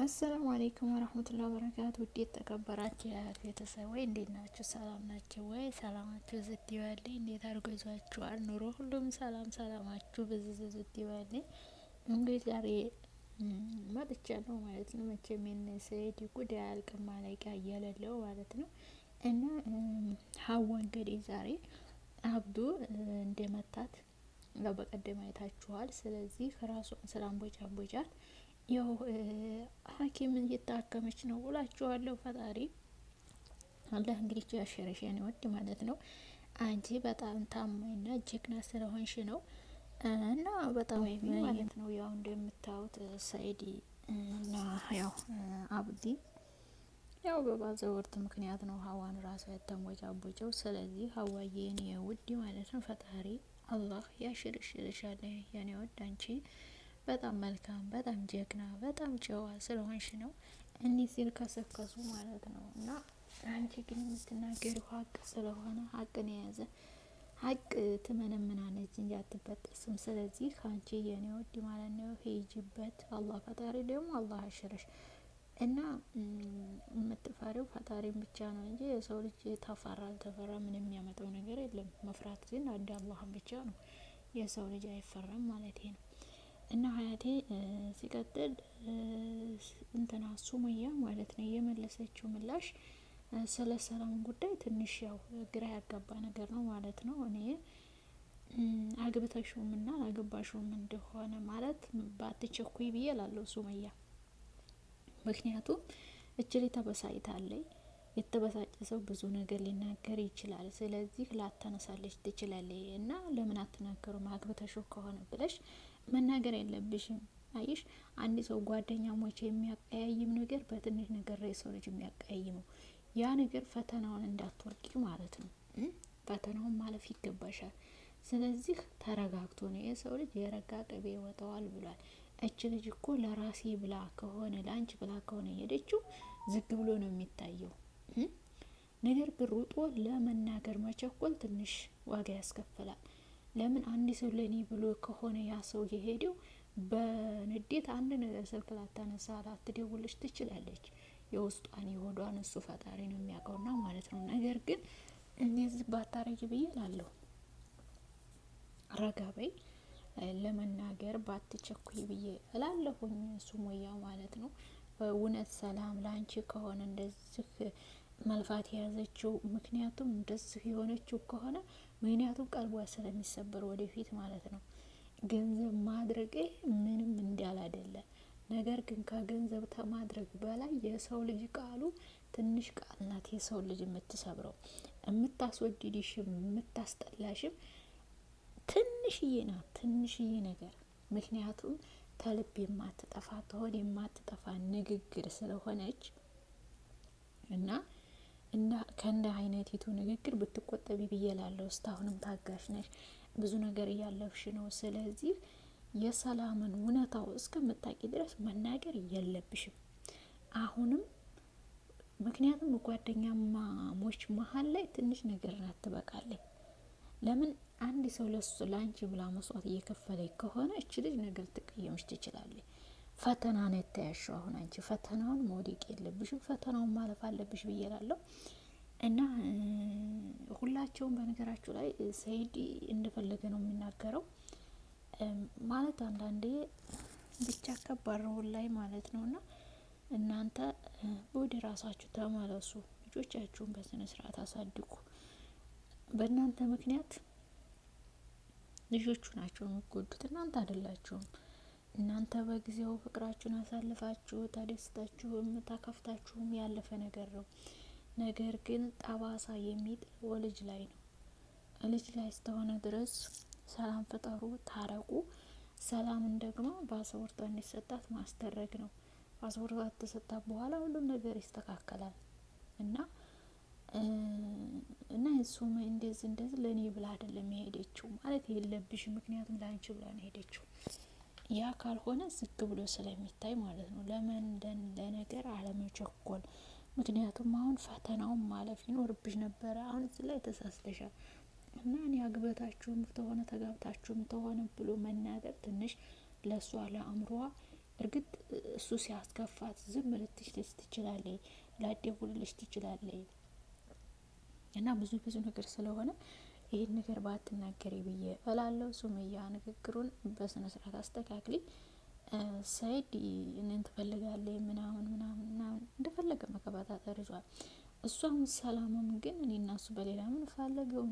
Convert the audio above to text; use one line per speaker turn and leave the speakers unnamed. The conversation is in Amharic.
አሰላሙ አሌይኩም ወረህመቱላ በረካቱ። ውዴት ተከበራችሁ ቤተሰብ ወይ እንዴት ናችሁ? ሰላም ናችሁ ወይ? ሰላማችሁ ዝት ይበልኝ። እንዴት አድርጎ ኑሮ? ሁሉም ሰላም ሰላማችሁ ብዝዝ ዝት ይበልኝ። እንግዲህ ዛሬ መጥቻለሁ ማለት ነው። መቼም የነሰይድ ጉድ አያልቅም ማለቂያ እየሌለው ማለት ነው። እና ሀዋ እንግዲህ ዛሬ አብዱ እንደመታት በቀደም አይታችኋል። ስለዚህ ራሷን ስለ አንቦጫ አንቦጫት ያው ሐኪም እየታከመች ነው እላችኋለሁ። ፈጣሪ አላህ እንግዲህ ያሸረሸን ወድ ማለት ነው። አንቺ በጣም ታማኝና ጀግና ስለሆንሽ ነው እና በጣም ማለት ነው። ያው እንደምታዩት ሰኢድ እና ያው አብዲ ያው በባዘወርት ምክንያት ነው ሀዋን ራሷ ያተንቦጫቦጨው። ስለዚህ ሀዋዬን የውድ ማለት ነው ፈጣሪ አላህ ያሽርሽርሻለ የኔ ወድ አንቺ በጣም መልካም፣ በጣም ጀግና፣ በጣም ጨዋ ስለሆንሽ ነው እንዲህ ሲል ከሰከሱ ማለት ነው። እና አንቺ ግን የምትናገሩ ሀቅ ስለሆነ ሀቅን የያዘ ሀቅ ትመነምናለች እንጂ አትበጠስም። ስለዚህ አንቺ የኔ ውድ ማለት ነው ሂጂበት። አላህ ፈጣሪ ደግሞ አላህ አሽረሽ እና የምትፈሪው ፈጣሪን ብቻ ነው እንጂ የሰው ልጅ ተፈራ አልተፈራ ምን የሚያመጣው ነገር የለም። መፍራት ግን አንድ አላህን ብቻ ነው። የሰው ልጅ አይፈራም ማለት ነው። እና ሀያቴ ሲቀጥል እንትና ሱሙያ ማለት ነው የመለሰችው ምላሽ ስለ ሰላም ጉዳይ ትንሽ ያው ግራ ያጋባ ነገር ነው ማለት ነው። እኔ አግብተሽውም ና አግባሽውም እንደሆነ ማለት ባትቸኩይ ብዬ ላለው ሱሙያ። ምክንያቱም እችል ተበሳጭታለች። የተበሳጨ ሰው ብዙ ነገር ሊናገር ይችላል። ስለዚህ ላታነሳለች ትችላለ እና ለምን አትናገሩም አግብተሽው ከሆነ ብለሽ መናገር የለብሽም። አይሽ አንድ ሰው ጓደኛሞች የሚያቀያይም ነገር በትንሽ ነገር ላይ ሰው ልጅ የሚያቀያይመው ያ ነገር ፈተናውን እንዳትወርቂ ማለት ነው። ፈተናውን ማለፍ ይገባሻል። ስለዚህ ተረጋግቶ ነው የሰው ልጅ የረጋ ቅቤ ይወጣዋል ብሏል። እች ልጅ እኮ ለራሴ ብላ ከሆነ ለአንቺ ብላ ከሆነ ሄደችው ዝግ ብሎ ነው የሚታየው። ነገር ግን ሩጦ ለመናገር መቸኮል ትንሽ ዋጋ ያስከፍላል። ለምን አንድ ሰው ለእኔ ብሎ ከሆነ ያ ሰው የሄደው በንዴት አንድ ነገር ስልክ ላታነሳ ላትደውልሽ ትችላለች። የውስጧን የሆዷን እሱ ፈጣሪ ነው የሚያውቀውና ማለት ነው። ነገር ግን እንደዚህ ባታረጊ ብዬ ላለሁ ረጋ ለመናገር ባትቸኩይ ብዬ እላለሁኝ ሱሙያ ማለት ነው። እውነት ሰላም ለአንቺ ከሆነ እንደዚህ መልፋት የያዘችው። ምክንያቱም እንደዚሁ የሆነችው ከሆነ ምክንያቱም ቀልቧ ስለሚሰበር ወደፊት ማለት ነው። ገንዘብ ማድረግ ምንም እንዳል አይደለ። ነገር ግን ከገንዘብ ተማድረግ በላይ የሰው ልጅ ቃሉ ትንሽ ቃል ናት። የሰው ልጅ የምትሰብረው የምታስወድድሽም የምታስጠላሽም ትንሽዬ ናት፣ ትንሽዬ ነገር ምክንያቱም ተልብ የማትጠፋ ተሆን የማትጠፋ ንግግር ስለሆነች እና እና ከእንደ አይነቲቱ ንግግር ብትቆጠቢ ብዬ ላለው። እስካሁንም ታጋሽ ነሽ፣ ብዙ ነገር እያለፍሽ ነው። ስለዚህ የሰላምን እውነታው እስከምታቂ ድረስ መናገር የለብሽም አሁንም። ምክንያቱም ጓደኛሞች መሀል ላይ ትንሽ ነገር ናት ትበቃለች። ለምን አንድ ሰው ለሱ ለአንቺ ብላ መስዋዕት እየከፈለች ከሆነ እች ልጅ ነገር ትቀየምሽ ትችላለች። ፈተና ነው የተያሸው። አሁን አንቺ ፈተናውን መውደቅ የለብሽም ፈተናውን ማለፍ አለብሽ ብዬ እላለሁ። እና ሁላቸውም በነገራችሁ ላይ ሰይድ እንደፈለገ ነው የሚናገረው ማለት አንዳንዴ ብቻ ነው ላይ ማለት ነው። እና እናንተ ወደ ራሳችሁ ተመለሱ፣ ልጆቻችሁን በስነ ስርዓት አሳድጉ። በእናንተ ምክንያት ልጆቹ ናቸው የሚጎዱት፣ እናንተ አይደላችሁም። እናንተ በጊዜው ፍቅራችሁን አሳልፋችሁ ተደስታችሁም ተከፍታችሁም ያለፈ ነገር ነው። ነገር ግን ጠባሳ የሚጥል ወልጅ ላይ ነው። ልጅ ላይ እስከሆነ ድረስ ሰላም ፍጠሩ፣ ታረቁ። ሰላምን ደግሞ ፓስፖርቷ እንዲሰጣት ማስደረግ ነው። ፓስፖርቷ ተሰጣት በኋላ ሁሉም ነገር ይስተካከላል እና እና እሱም እንደዚህ እንደዚህ ለእኔ ብላ አይደለም የሄደችው ማለት የለብሽ፣ ምክንያቱም ለአንቺ ብላ ነው የሄደችው። ያ ካልሆነ ዝግ ብሎ ስለሚታይ ማለት ነው ለመንደን ለነገር አለመቸኮል። ምክንያቱም አሁን ፈተናውን ማለፍ ይኖርብሽ ነበረ። አሁን እዚህ ላይ ተሳስተሻል እና እኔ አግበታችሁም ተሆነ ተጋብታችሁም ተሆነ ብሎ መናገር ትንሽ ለእሷ ለአእምሯ እርግጥ እሱ ሲያስከፋት ዝም ልትሽ ትችላለች፣ ላደቡልልሽ ትችላለች እና ብዙ ብዙ ነገር ስለሆነ ይህን ነገር ባትናገሪ ብዬ እላለሁ። ሱመያ ንግግሩን በስነ ስርዓት አስተካክሊ። ሰይድ እኔን ትፈልጋለች ምናምን ምናምን ምናምን እንደፈለገ መከባታ ተርዟል። እሷም ሰላሙም ግን እኔና እሱ በሌላ ምን ፈለገው